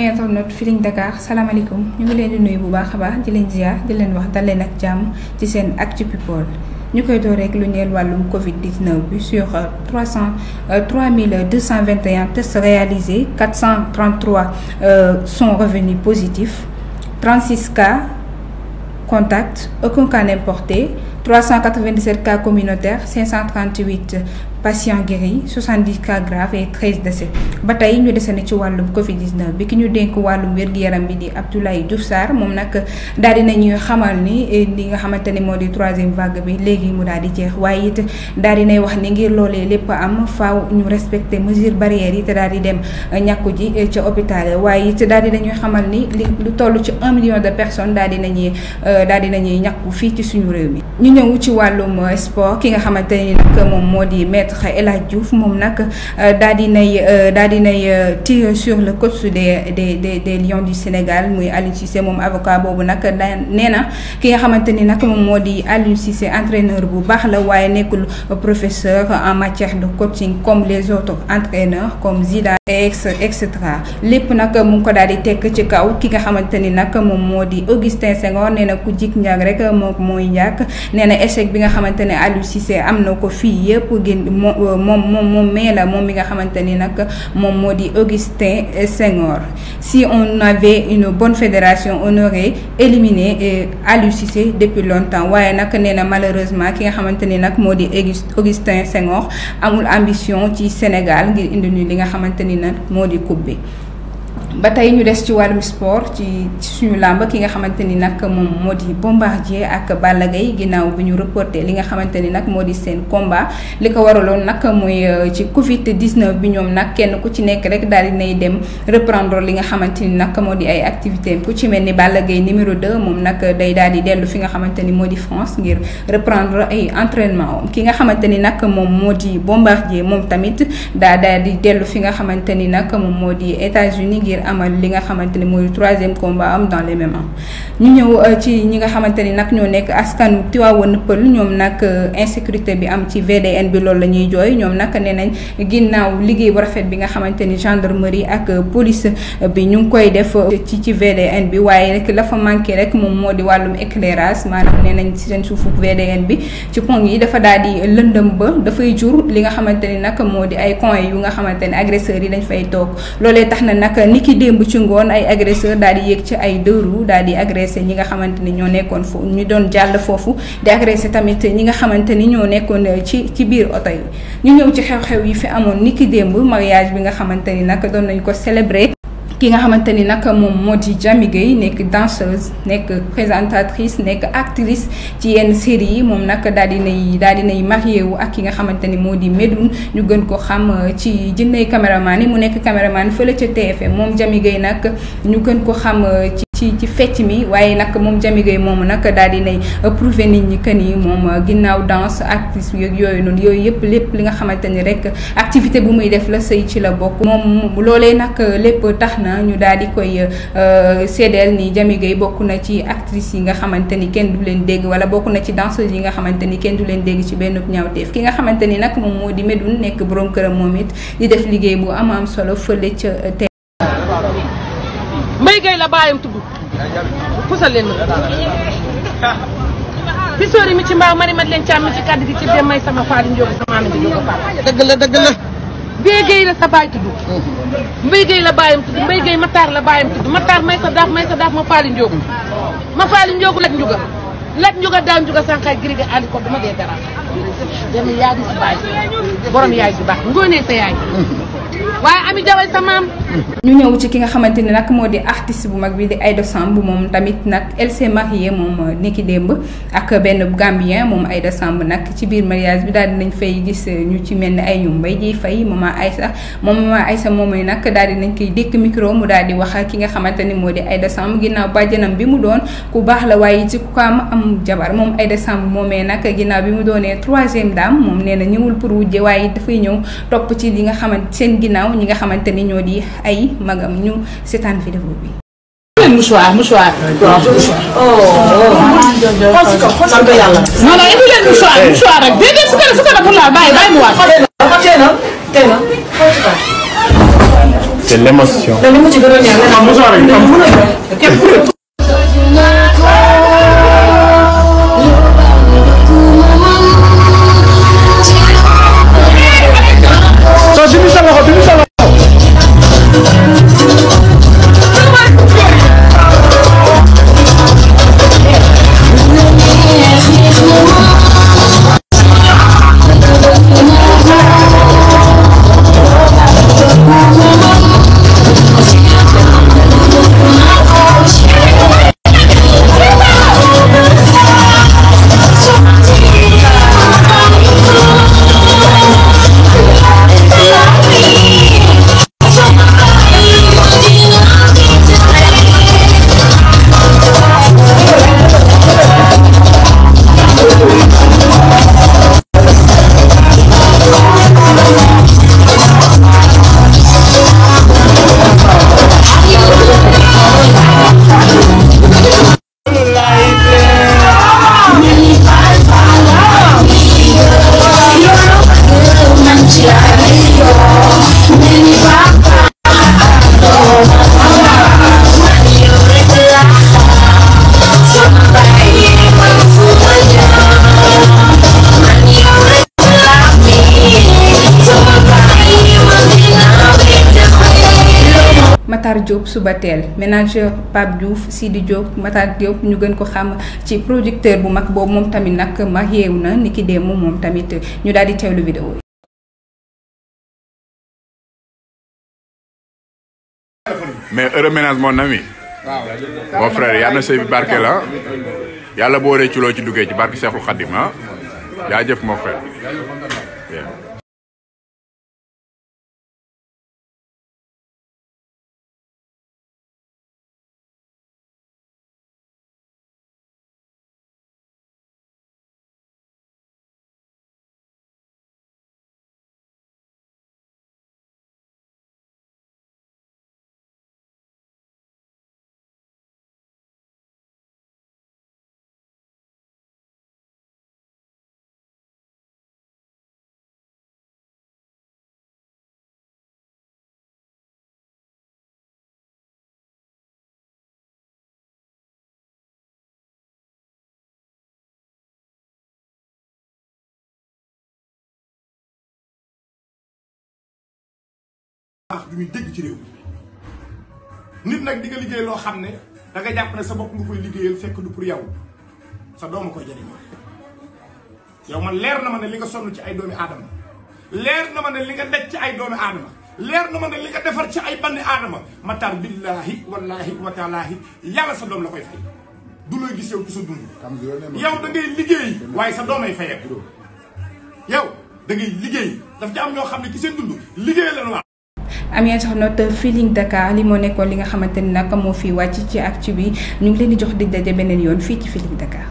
amee internet Feeling Dakar salaamaaleykum ñu ngi leen di nuyu bu baax a baax leen ziar di leen wax dal leen ak jàmm ci seen actu people ñu koy door rek lu ñeel wàllum Covid 19 bi sur 300 euh, 3221 euh, tests réalisés 433 euh, sont revenus positifs 36 cas contacts aucun cas importé 397 cas communautaires 538 patients guéris 70 cas graves et 13 décès ba tey ñu desane ci wàllum Covid 19 bi ki ñu dénk wàllum wér-gu-yaram bi di Abdoulaye Diouf Sarr moom nag daal di nañu xamal ni eh, li nga xamante ne moo di troisième vague bi léegi mu daal di jeex waaye daal di nay wax ni ngir loolee lépp am faaw ñu respecté mesures barrières yi te daal di dem eh, ñàkku ji eh, ca hôpital waaye it daal di nañuy xamal ni li lu toll ci un million de personnes daal di nañuy daal di nañuy ñàkku fii ci suñu réew mi. ñu ñëw ci wàllum sport ki nga xamante ni nag moom moo di maître El moom nag euh, daal di nay euh, daal di nay euh, tirer sur le coach de des de des Lions du Sénégal muy Aliou Cissé moom avocat boobu nag da nee na ki nga xamante ni nag moom moo di Aliou Cissé entraîneur bu baax la waaye nekkul professeur en matière de coaching comme les autres entraîneurs comme Zidane et cetera lépp nag mu ngi ko daal di tekk ci kaw ki nga xamante ni nag moom moo di Augustin Senghor nee na ku jik njàgg rek moom mooy njàgg nee échec bi nga xamante ne Aliou Cissé am na ko fii Euh, moom moom moom mais la moom mi nga xamante ni nag moom moo di Augustin Senghor si on avait une bonne fédération on aurait éliminé euh, Aliou Cissé depuis longtemps waaye nag nee na malheureusement ki nga xamante ni nag moo di Augustin Senghor amul ambition ci Sénégal ngir indi ñu li nga xamante ni nag moo di coupe bi ba tey ñu des ci wàllum sport ci suñu làmb ki nga xamante ni nag moom moo di Bombardier ak Balla ginnaaw bi ñu reporté li nga xamante ni nag moo di seen combat li ko waraloon nag mooy euh, ci Covid 19 bi ñoom nag kenn ku ci nekk rek daal di nay dem reprendre li nga xamante ni nag moo di ay activité ku ci mel ni Balla Gaye numéro 2 moom nag day daal di dellu fi nga xamante ni moo di France ngir reprendre ay entraînement ki nga xamante ni nag moom moo di Bombardier moom tamit daa daal di dellu fi nga xamante ni nag moom moo di États-Unis ngir ngir amal li nga xamante ne mooy troisième combat am dans les mêmes ñu ñëw euh, ci ñi nga xamante ni nag ñoo nekk askanu Tivaouane Peul ñoom nag euh, insécurité bi am ci VDN bi lool la ñuy jooy ñoom nag nee nañ ginnaaw liggéey bu rafet bi nga xamante ni gendarmerie ak euh, police bi ñu ngi koy def ci ci VDN bi waaye rek la fa manqué rek moom moo di wàllum éclairage maanaam nee nañ seen suufu VDN bi ci pont yi dafa daal di lëndëm ba dafay jur li nga xamante ni nag moo di ay coin yu nga xamante ni agresseurs yi dañ fay toog di démb ci ngoon ay agresseur daal di yéeg ci ay dëru daal di agressé ñi nga xamante ni ñoo nekkoon foofu ñu doon jàll foofu di agressé tamit ñi nga xamante ni ñoo nekkoon euh, ci ci biir oto yi ñu ñëw ci xew-xew yi fi amoon ki démb mariage bi nga xamante ni nag doon nañu ko célébré ki nga xamante ni nag moom moo di Diamy Gueye nekk danseuse nekk présentatrice nekk actrice ci yenn série yi moom nag dal di nay daal di nay marié wu ak ki nga xamante ni moo di Medoune ñu gën ko xam euh, ci jëndee caméraman yi mu nekk caméraman fële ca TFM moom Diamy Gueye nag ñu gën ko xam euh, ci. ci ci fecc mi waaye nag moom Jamy Gueye moomu nag daal di nay prouver nit ñi que ni moom ginnaaw danse actrice yeeg yooyu noonu yooyu yëpp lépp li nga xamante ni rek activité bu muy def la sëy ci la bokk. moom loolee nag lépp tax na ñu daal di koy euh, seedeel ni Jamy Gueye bokk na ci actrice yi nga xamante ni kenn du leen dégg wala bokk na ci danseuse yi nga xamante ni kenn du leen dégg ci benn ñaawteef ki nga xamante ni nag moom moo di Médoune nekk boroom këram moom it di def liggéey bu am am solo fële ca te pusal leen ma pistoor mi ci mbaaw mari mat leen càmm ci kàddu gi ci dem may sama faali njóogu sama maam ji njóogu dëgg la dëgg la mbéy géey la sa baay tudd mhm. mbéy géey la baayam tudd mbéy géey mataar la baayam tudd mataar may sa daaf may sa daaf ma faali njóogu ma faali njóogu lat njuga lat njuga daaw njuga sànqaay girige ali ko ma dee dara dem yaay di sa baay borom yaay bu baax ngóonee sa yaay mhm. waaye Ami Jaway sa ñu ñëw ci ki nga xamante ne nag moo di artiste bu mag bi di Aïda Samb moom tamit nag elle s'est mariée moom euh, niki démb ak benn Gambien moom Aïda Samb nag ci biir mariage bi daal dinañ fay gis euh, ñu ci mel ni ay ñu mbay ji fay maman Aïssa moom maman Aïssa moom nag daal dinañ koy dékk micro mu daal di wax ki nga xamante ni moo di Aïda Samb ginnaaw bàjjanam bi mu doon ku baax la waaye ci ku am am jabar moom ay Aïda Samb moomee nag ginnaaw bi mu doonee troisième dame moom nee na ñëwul pour wujje waaye dafay ñëw topp ci li nga xamante seen ginnaaw ginnaaw ñi nga xamante ni ñoo di ay magam ñu seetaan vidéo bi. mouchoir mouchoir. waaw oh. mouchoir. oh oh. oh. Eh. rek déedéet su ko su ko def laal bàyyi bàyyi mu waat. Matar Diop Subatel manager Pape Diouf Sidi Diop Matar Diop ñu gën ko xam ci producteur bu mag boobu moom tamit nag ma yeewu na ni ki démb moom tamit ñu daal di teewlu vidéo yi. mais heureux ménage mon ami. waaw mon na sëy barke la ah. yàlla boo rëcculoo ci duggee ci barke Seexul Xadim ah jaajëf mon frère. baax du ñu dégg ci réew mi nit nag di nga liggéey loo xam ne da nga jàpp ne sa bopp nga koy liggéeyal fekk du pour yow sa dooma yow man leer na ma ne li nga sonn ci ay doomi aadama leer na ma ne li nga daj ci ay doomi aadama leer na ma ne li defar ci ay banni aadama matar billaahi wallaahi wataalaahi yàlla sa doom la koy fay du looy gis yow ci sa dund yow da ngay liggéey waaye sa doomay fayee yow da ngay liggéey daf ci am ñoo xam ne ci seen dund liggéey la amee internet Feeling Dakar li moo nekkoon li nga xamante ni nag moo fi wàcc ci actu bi ñu ngi leen di jox dig daje beneen yoon fii ci Feeling Dakar.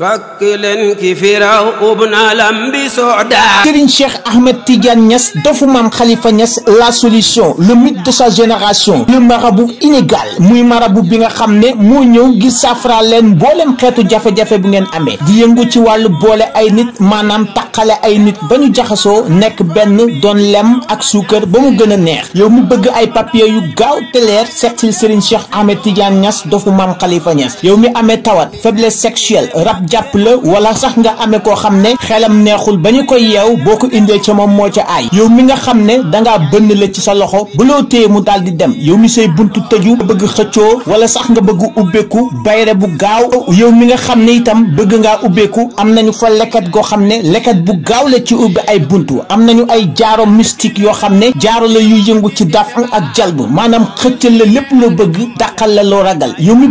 bakk leen ki firaw ubna lam bi soda Serigne Cheikh Ahmed Tidiane Niass dofu maam xalifa Niass la solution le mythe de sa génération le marabout inégal muy marabout bi nga xam ne moo ñëw gis saafara leen booleem xeetu jafe-jafe bu ngeen amee di yëngu ci wàllu boole ay nit maanaam taqale ay nit ba ñu jaxasoo nekk benn doon lem ak suukar ba mu gën a neex yow mu bëgg ay papier yu gaaw te leer seet si Serigne Cheikh Ahmed Tidiane Niass dofu maam Khalifa Niass yow mi amee tawat faiblesse sexuelle ab jàpp la wala sax nga amee koo xam ne xelam neexul ba ñu koy yeew boo ko indee ca moom moo ca ay yow mi nga xam ne dangaa bënn la ci sa loxo bu loo téye mu daal di dem yow mi say buntu tëju nga bëgg xëccoo wala sax nga bëgg ubbeeku bayre bu gaaw yow mi nga xam ne itam bëgg nga ubbeeku am nañu fa lekkat goo xam ne leket bu gaaw la ci ubbi ay buntu am nañu ay jaaro mystique yoo xam ne jaaro la yuy yëngu ci daf ak jalb maanaam xëccal la lépp loo bëgg dàqal la ragal yow mi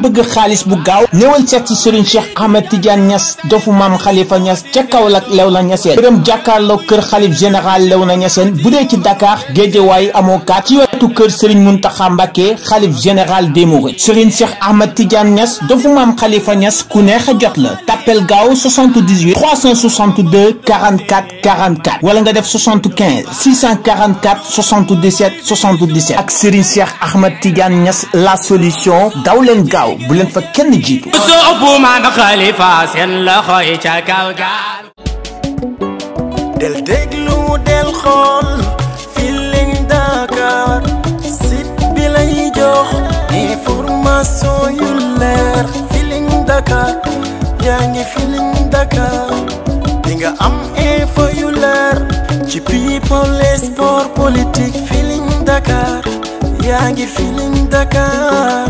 Niass dofu maam Khalifa Niass ca Kaolack Léona Niassène këram jàkkaarloo kër xalif général Léona Niassène bu dee ci Dakar Guédiawaye amoo kaat ci wetu kër Serigne Mountakha Mbacké xalif général des Mourides Serigne Cheikh Ahmad Tidiane Niass dofu maam Khalifa Niass ku neex a jot la tappel gaaw 78 362 44 44 wala nga def 75 644 77 77 ak Serigne Cheikh Ahmad Tidiane Niass la solution daw leen gaaw bu leen fa kenn jiitu. seen loxo yi ca kaw gaal. del déglu del xool Feeling Dakar site bi lay jox information yu leer Feeling Dakar yaa ngi Feeling Dakar di nga am info yu leer ci people et sport politique Feeling Dakar yaa ngi Feeling Dakar.